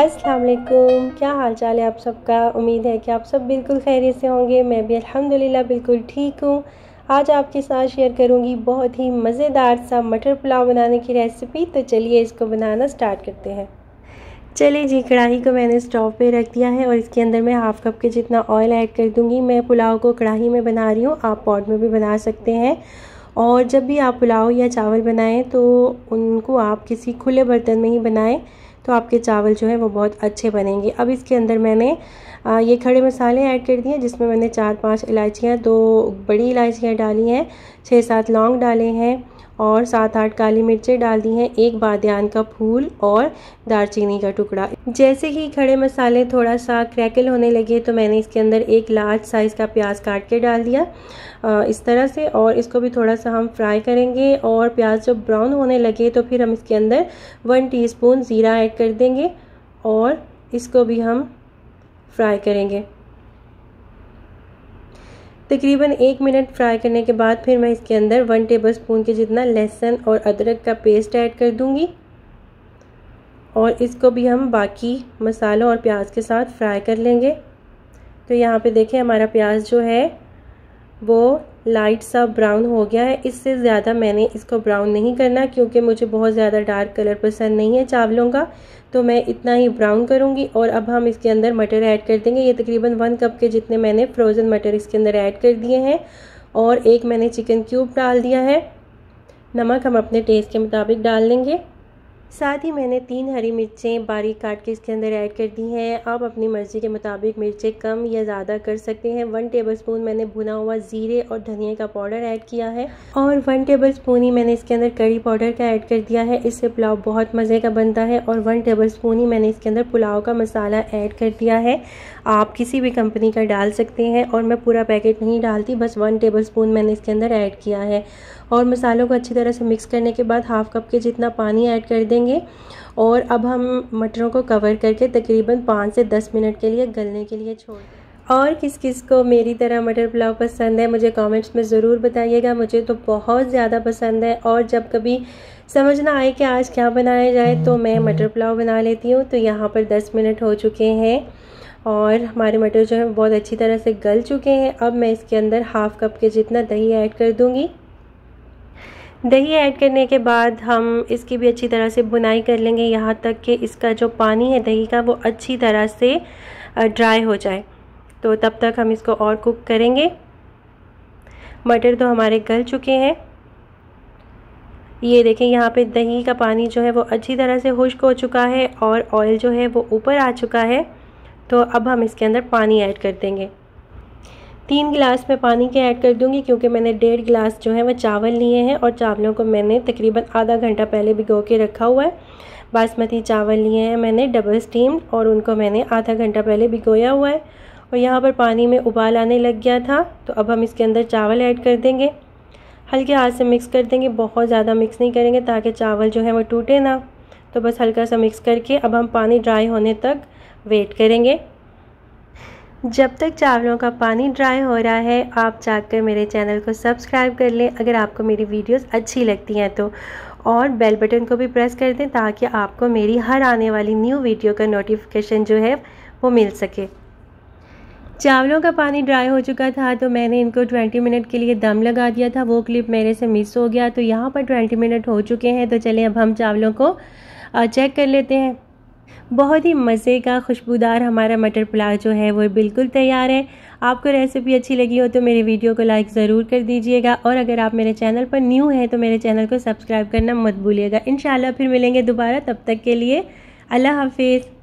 अस्सलाम वालेकुम क्या हाल चाल है आप सबका उम्मीद है कि आप सब बिल्कुल खैरियत से होंगे मैं भी अल्हम्दुलिल्लाह बिल्कुल ठीक हूँ आज आपके साथ शेयर करूँगी बहुत ही मज़ेदार सा मटर पुलाव बनाने की रेसिपी तो चलिए इसको बनाना स्टार्ट करते हैं चलिए जी कढ़ाई को मैंने स्टोव पे रख दिया है और इसके अंदर मैं हाफ़ कप के जितना ऑयल ऐड कर दूँगी मैं पुलाव को कढ़ाई में बना रही हूँ आप पॉट में भी बना सकते हैं और जब भी आप पुलाव या चावल बनाएं तो उनको आप किसी खुले बर्तन में ही बनाएं तो आपके चावल जो है वो बहुत अच्छे बनेंगे अब इसके अंदर मैंने ये खड़े मसाले ऐड कर दिए जिसमें मैंने चार पांच इलायचियाँ दो बड़ी इलायचियाँ डाली हैं छः सात लौंग डाले हैं और सात आठ काली मिर्चें डाल दी हैं एक बादन का फूल और दालचीनी का टुकड़ा जैसे ही खड़े मसाले थोड़ा सा क्रैकल होने लगे तो मैंने इसके अंदर एक लार्ज साइज़ का प्याज काट के डाल दिया इस तरह से और इसको भी थोड़ा सा हम फ्राई करेंगे और प्याज जब ब्राउन होने लगे तो फिर हम इसके अंदर वन टी ज़ीरा ऐड कर देंगे और इसको भी हम फ्राई करेंगे तकरीबन एक मिनट फ्राई करने के बाद फिर मैं इसके अंदर वन टेबल स्पून के जितना लहसुन और अदरक का पेस्ट ऐड कर दूँगी और इसको भी हम बाकी मसालों और प्याज के साथ फ्राई कर लेंगे तो यहाँ पे देखें हमारा प्याज जो है वो लाइट सा ब्राउन हो गया है इससे ज़्यादा मैंने इसको ब्राउन नहीं करना क्योंकि मुझे बहुत ज़्यादा डार्क कलर पसंद नहीं है चावलों का तो मैं इतना ही ब्राउन करूँगी और अब हम इसके अंदर मटर ऐड कर देंगे ये तकरीबन वन कप के जितने मैंने फ्रोज़न मटर इसके अंदर ऐड कर दिए हैं और एक मैंने चिकन क्यूब डाल दिया है नमक हम अपने टेस्ट के मुताबिक डाल लेंगे साथ ही मैंने तीन हरी मिर्चें बारीक काट के इसके अंदर ऐड कर दी हैं आप अपनी मर्ज़ी के मुताबिक मिर्चें कम या ज़्यादा कर सकते हैं वन टेबलस्पून मैंने भुना हुआ ज़ीरे और धनिया का पाउडर ऐड किया है और वन टेबलस्पून ही मैंने इसके अंदर करी पाउडर का ऐड कर दिया है इससे पुलाव बहुत मज़े का बनता है और वन स्पून ही मैंने इसके अंदर पुलाव का मसाला ऐड कर दिया है आप किसी भी कंपनी का डाल सकते हैं और मैं पूरा पैकेट नहीं डालती बस वन स्पून मैंने इसके अंदर ऐड किया है और मसालों को अच्छी तरह से मिक्स करने के बाद हाफ़ कप के जितना पानी ऐड कर दें लेंगे और अब हम मटरों को कवर करके तकरीबन पाँच से दस मिनट के लिए गलने के लिए छोड़ और किस किस को मेरी तरह मटर पुलाव पसंद है मुझे कमेंट्स में ज़रूर बताइएगा मुझे तो बहुत ज़्यादा पसंद है और जब कभी समझ ना आए कि आज क्या बनाया जाए तो मैं मटर पुलाव बना लेती हूँ तो यहाँ पर 10 मिनट हो चुके हैं और हमारे मटर जो है बहुत अच्छी तरह से गल चुके हैं अब मैं इसके अंदर हाफ़ कप के जितना दही ऐड कर दूँगी दही ऐड करने के बाद हम इसकी भी अच्छी तरह से बुनाई कर लेंगे यहाँ तक कि इसका जो पानी है दही का वो अच्छी तरह से ड्राई हो जाए तो तब तक हम इसको और कुक करेंगे मटर तो हमारे गल चुके हैं ये देखें यहाँ पे दही का पानी जो है वो अच्छी तरह से खुश्क हो चुका है और ऑयल जो है वो ऊपर आ चुका है तो अब हम इसके अंदर पानी ऐड कर देंगे तीन गिलास में पानी के ऐड कर दूंगी क्योंकि मैंने डेढ़ गिलास जो है वह चावल लिए हैं और चावलों को मैंने तकरीबन आधा घंटा पहले भिगो के रखा हुआ है बासमती चावल लिए हैं मैंने डबल स्टीम और उनको मैंने आधा घंटा पहले भिगोया हुआ है और यहाँ पर पानी में उबाल आने लग गया था तो अब हम इसके अंदर चावल ऐड कर देंगे हल्के हाथ से मिक्स कर देंगे बहुत ज़्यादा मिक्स नहीं करेंगे ताकि चावल जो है वो टूटे ना तो बस हल्का सा मिक्स करके अब हम पानी ड्राई होने तक वेट करेंगे जब तक चावलों का पानी ड्राई हो रहा है आप जाकर मेरे चैनल को सब्सक्राइब कर लें अगर आपको मेरी वीडियोस अच्छी लगती हैं तो और बेल बटन को भी प्रेस कर दें ताकि आपको मेरी हर आने वाली न्यू वीडियो का नोटिफिकेशन जो है वो मिल सके चावलों का पानी ड्राई हो चुका था तो मैंने इनको 20 मिनट के लिए दम लगा दिया था वो क्लिप मेरे से मिस हो गया तो यहाँ पर 20 मिनट हो चुके हैं तो चलें अब हम चावलों को चेक कर लेते हैं बहुत ही मज़े का खुशबूदार हमारा मटर पुलाव जो है वो बिल्कुल तैयार है आपको रेसिपी अच्छी लगी हो तो मेरे वीडियो को लाइक ज़रूर कर दीजिएगा और अगर आप मेरे चैनल पर न्यू हैं तो मेरे चैनल को सब्सक्राइब करना मत भूलिएगा इन फिर मिलेंगे दोबारा तब तक के लिए अल्लाह हाफिज़